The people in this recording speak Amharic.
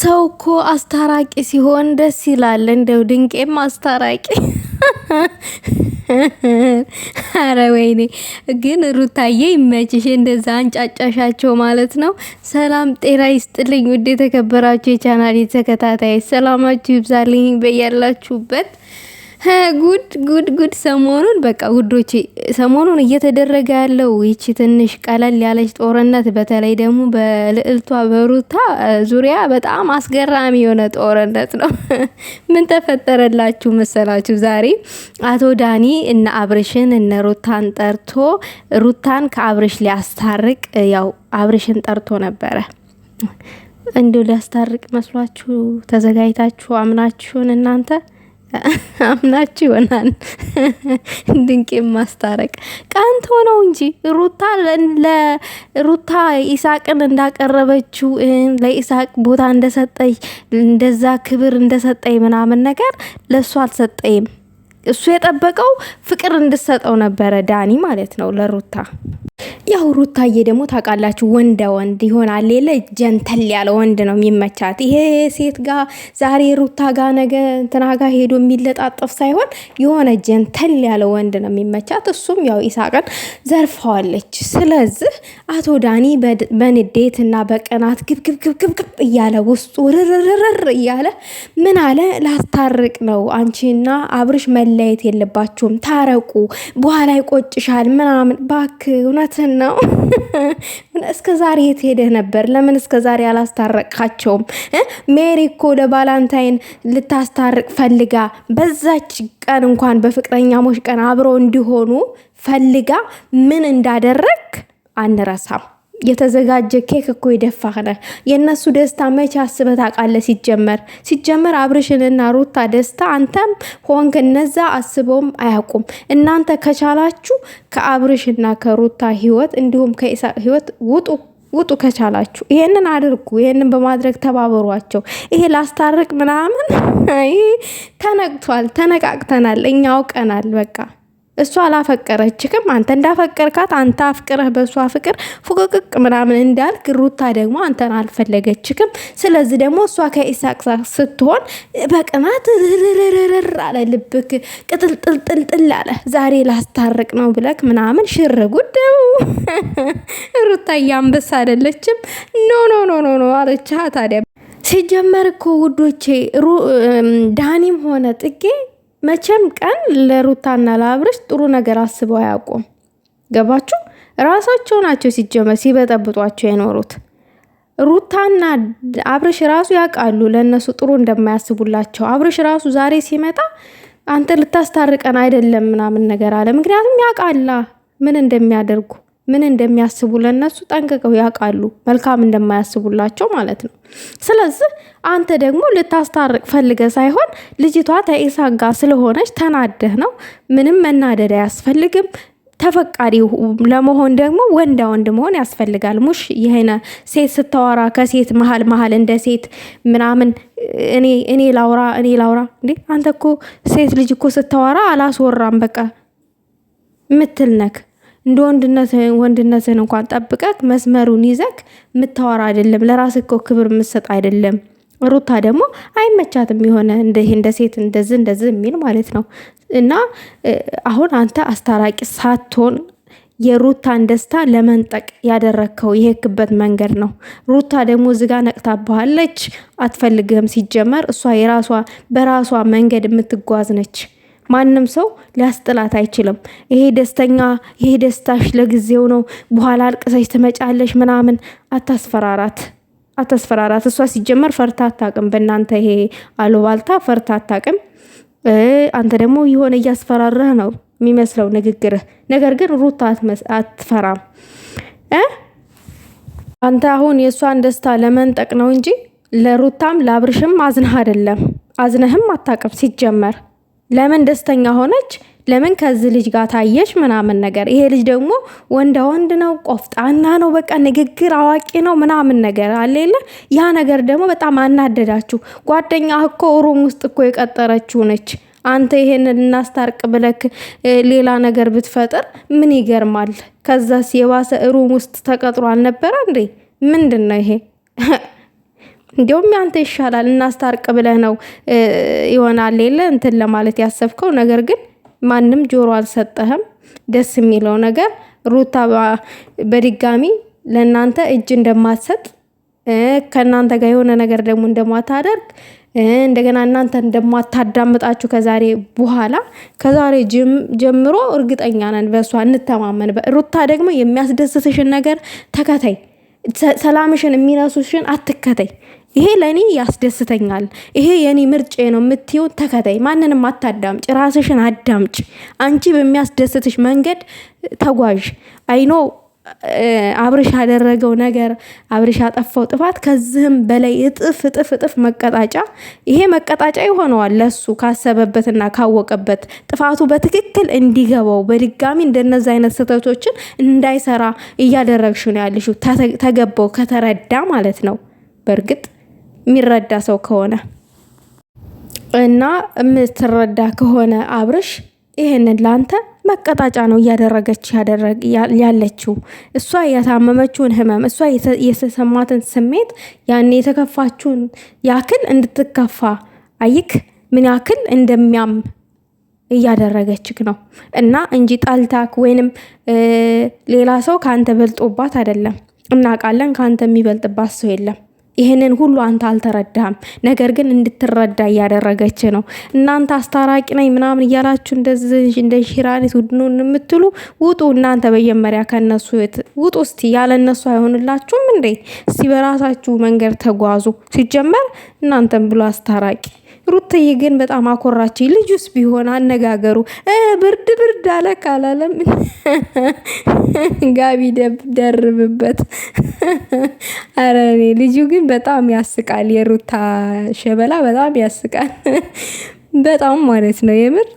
ሰው እኮ አስታራቂ ሲሆን ደስ ይላል። እንደው ድንቄም አስታራቂ አረ ወይኔ ግን ሩታዬ ይመችሽ። እንደዛ አንጫጫሻቸው ማለት ነው። ሰላም ጤና ይስጥልኝ ውድ የተከበራችሁ የቻናል ተከታታይ ሰላማችሁ ይብዛልኝ በያላችሁበት ጉድ ጉድ ጉድ! ሰሞኑን በቃ ውዶቼ፣ ሰሞኑን እየተደረገ ያለው ይቺ ትንሽ ቀለል ያለች ጦርነት፣ በተለይ ደግሞ በልዕልቷ በሩታ ዙሪያ በጣም አስገራሚ የሆነ ጦርነት ነው። ምን ተፈጠረላችሁ መሰላችሁ? ዛሬ አቶ ዳኒ እነ አብርሽን እነ ሩታን ጠርቶ ሩታን ከአብርሽ ሊያስታርቅ ያው አብርሽን ጠርቶ ነበረ። እንዲሁ ሊያስታርቅ መስሏችሁ ተዘጋጅታችሁ አምናችሁን እናንተ አምናችሁ ይሆናል ድንቄ ማስታረቅ ቀንቶ ነው እንጂ ሩታ ለሩታ ኢሳቅን እንዳቀረበችው ለኢሳቅ ቦታ እንደሰጠኝ እንደዛ ክብር እንደሰጠኝ ምናምን ነገር ለእሱ አልሰጠይም እሱ የጠበቀው ፍቅር እንድሰጠው ነበረ ዳኒ ማለት ነው ለሩታ ያው ሩታዬ ደግሞ ታውቃላችሁ ወንደ ወንድ ይሆናል የለ ጀንተል ያለ ወንድ ነው የሚመቻት። ይሄ ሴት ጋ ዛሬ ሩታ ጋ ነገ እንትና ጋ ሄዶ የሚለጣጠፍ ሳይሆን የሆነ ጀንተል ያለ ወንድ ነው የሚመቻት። እሱም ያው ኢሳቅን ዘርፈዋለች። ስለዚህ አቶ ዳኒ በንዴት እና በቅናት ግብግብግብግብ እያለ ውስጡ ርርርርር እያለ ምን አለ ላስታርቅ ነው አንቺና አብርሽ መለየት የለባችሁም ታረቁ፣ በኋላ ይቆጭሻል ምናምን ባክ እውነትን ነው? እስከ ዛሬ የት ሄደህ ነበር? ለምን እስከ ዛሬ አላስታረቅካቸውም? ሜሪ እኮ ለባላንታይን ልታስታርቅ ፈልጋ በዛች ቀን እንኳን በፍቅረኛሞች ቀን አብረው እንዲሆኑ ፈልጋ ምን እንዳደረግ አንረሳም። የተዘጋጀ ኬክ እኮ የደፋህ ነህ። የእነሱ ደስታ መቼ አስበህ ታውቃለህ? ሲጀመር ሲጀመር አብርሽንና ሩታ ደስታ አንተም ሆንክ እነዛ አስበውም አያውቁም። እናንተ ከቻላችሁ ከአብርሽና ከሩታ ህይወት እንዲሁም ከኢሳ ህይወት ውጡ ውጡ ከቻላችሁ ይሄንን አድርጉ። ይሄንን በማድረግ ተባበሯቸው። ይሄ ላስታርቅ ምናምን ተነቅቷል፣ ተነቃቅተናል፣ እኛ አውቀናል በቃ እሷ አላፈቀረችክም። አንተ እንዳፈቀርካት አንተ አፍቅረህ በእሷ ፍቅር ፉቅቅቅ ምናምን እንዳልክ፣ ሩታ ደግሞ አንተን አልፈለገችክም። ስለዚህ ደግሞ እሷ ከኢሳቅ ስትሆን በቅናት ርርርርር አለ ልብክ፣ ቅጥልጥልጥልጥል አለ። ዛሬ ላስታርቅ ነው ብለክ ምናምን ሽር ጉደው ሩታ እያንበስ አይደለችም። ኖ ኖ ኖ ኖ ኖ አለችህ ታዲያ። ሲጀመር እኮ ውዶቼ ዳኒም ሆነ ጥጌ መቼም ቀን ለሩታና ለአብረሽ ጥሩ ነገር አስበው አያውቁም። ገባችሁ? ራሳቸው ናቸው ሲጀመር ሲበጠብጧቸው የኖሩት። ሩታና አብረሽ ራሱ ያውቃሉ ለእነሱ ጥሩ እንደማያስቡላቸው። አብረሽ ራሱ ዛሬ ሲመጣ አንተ ልታስታርቀን አይደለም ምናምን ነገር አለ። ምክንያቱም ያውቃላ ምን እንደሚያደርጉ ምን እንደሚያስቡ ለነሱ ጠንቅቀው ያውቃሉ። መልካም እንደማያስቡላቸው ማለት ነው። ስለዚህ አንተ ደግሞ ልታስታርቅ ፈልገ ሳይሆን ልጅቷ ተኢሳቅ ጋር ስለሆነች ተናደህ ነው። ምንም መናደድ አያስፈልግም። ተፈቃሪ ለመሆን ደግሞ ወንዳ ወንድ መሆን ያስፈልጋል። ሙሽ ይሄነ ሴት ስታወራ ከሴት መሀል መሀል እንደ ሴት ምናምን እኔ እኔ ላውራ እኔ ላውራ እንዴ! አንተ እኮ ሴት ልጅ እኮ ስታወራ አላስወራም በቃ ምትል ነክ እንደ ወንድነትህን እንኳን ጠብቀክ መስመሩን ይዘክ ምታወራ አይደለም። ለራስ እኮ ክብር ምሰጥ አይደለም። ሩታ ደግሞ አይመቻትም የሆነ እንደ እንደ ሴት እንደዚህ እንደዚህ የሚል ማለት ነው። እና አሁን አንተ አስታራቂ ሳትሆን የሩታን ደስታ ለመንጠቅ ያደረግከው የሄክበት መንገድ ነው። ሩታ ደግሞ ዝጋ ነቅታብሃለች። አትፈልግህም ሲጀመር። እሷ የራሷ በራሷ መንገድ የምትጓዝ ነች። ማንም ሰው ሊያስጥላት አይችልም። ይሄ ደስተኛ ይሄ ደስታሽ ለጊዜው ነው፣ በኋላ አልቅሰሽ ትመጫለሽ ምናምን አታስፈራራት አታስፈራራት። እሷ ሲጀመር ፈርታ አታቅም። በእናንተ ይሄ አሉባልታ ፈርታ አታቅም። አንተ ደግሞ የሆነ እያስፈራረህ ነው የሚመስለው ንግግርህ። ነገር ግን ሩታ አትፈራም። አንተ አሁን የእሷን ደስታ ለመንጠቅ ነው እንጂ ለሩታም ለአብርሽም አዝነህ አይደለም፣ አዝነህም አታቅም ሲጀመር ለምን ደስተኛ ሆነች? ለምን ከዚህ ልጅ ጋር ታየች? ምናምን ነገር ይሄ ልጅ ደግሞ ወንደ ወንድ ነው፣ ቆፍጣና ነው፣ በቃ ንግግር አዋቂ ነው ምናምን ነገር አለ የለ። ያ ነገር ደግሞ በጣም አናደዳችሁ። ጓደኛ እኮ ሩም ውስጥ እኮ የቀጠረችው ነች። አንተ ይሄንን ልናስታርቅ ብለክ ሌላ ነገር ብትፈጥር ምን ይገርማል? ከዛስ የባሰ ሩም ውስጥ ተቀጥሮ አልነበረ እንዴ? ምንድን ነው ይሄ? እንዲሁም ያንተ ይሻላል እናስታርቅ ብለህ ነው ይሆናል የለ እንትን ለማለት ያሰብከው ነገር ግን ማንም ጆሮ አልሰጠህም። ደስ የሚለው ነገር ሩታ በድጋሚ ለእናንተ እጅ እንደማትሰጥ ከእናንተ ጋር የሆነ ነገር ደግሞ እንደማታደርግ እንደገና እናንተ እንደማታዳምጣችሁ ከዛሬ በኋላ ከዛሬ ጀምሮ እርግጠኛ ነን በእሷ እንተማመን። ሩታ ደግሞ የሚያስደስትሽን ነገር ተከታይ፣ ሰላምሽን የሚነሱሽን አትከተይ። ይሄ ለእኔ ያስደስተኛል፣ ይሄ የኔ ምርጬ ነው የምትይው ተከታይ። ማንንም አታዳምጭ፣ ራስሽን አዳምጭ። አንቺ በሚያስደስትሽ መንገድ ተጓዥ። አይኖ አብርሽ ያደረገው ነገር አብርሽ ያጠፋው ጥፋት ከዚህም በላይ እጥፍ እጥፍ እጥፍ መቀጣጫ ይሄ መቀጣጫ ይሆነዋል ለሱ ካሰበበትና ካወቀበት ጥፋቱ በትክክል እንዲገባው በድጋሚ እንደነዚህ አይነት ስህተቶችን እንዳይሰራ እያደረግሽ ነው ያለሽው። ተገባው ከተረዳ ማለት ነው በእርግጥ የሚረዳ ሰው ከሆነ እና የምትረዳ ከሆነ አብርሽ ይህንን ለአንተ መቀጣጫ ነው እያደረገች ያለችው። እሷ ያታመመችውን ህመም፣ እሷ የተሰማትን ስሜት፣ ያን የተከፋችውን ያክል እንድትከፋ አይክ ምን ያክል እንደሚያም እያደረገችክ ነው እና እንጂ ጣልታክ ወይንም ሌላ ሰው ከአንተ በልጦባት አይደለም። እናውቃለን፣ ከአንተ የሚበልጥባት ሰው የለም። ይህንን ሁሉ አንተ አልተረዳህም። ነገር ግን እንድትረዳ እያደረገች ነው። እናንተ አስታራቂ ነኝ ምናምን እያላችሁ እንደዚህ እንደ ሺራሊት የምትሉ ውጡ። እናንተ መጀመሪያ ከነሱ ውጡ። እስቲ ያለ እነሱ አይሆንላችሁም እንዴ? እስቲ በራሳችሁ መንገድ ተጓዙ። ሲጀመር እናንተም ብሎ አስታራቂ ሩትዬ ግን በጣም አኮራች ልጁስ ቢሆን አነጋገሩ ብርድ ብርድ አለ ካላለም ጋቢ ደርብበት። አረ እኔ ልጁ ግን በጣም ያስቃል። የሩታ ሸበላ በጣም ያስቃል። በጣም ማለት ነው የምር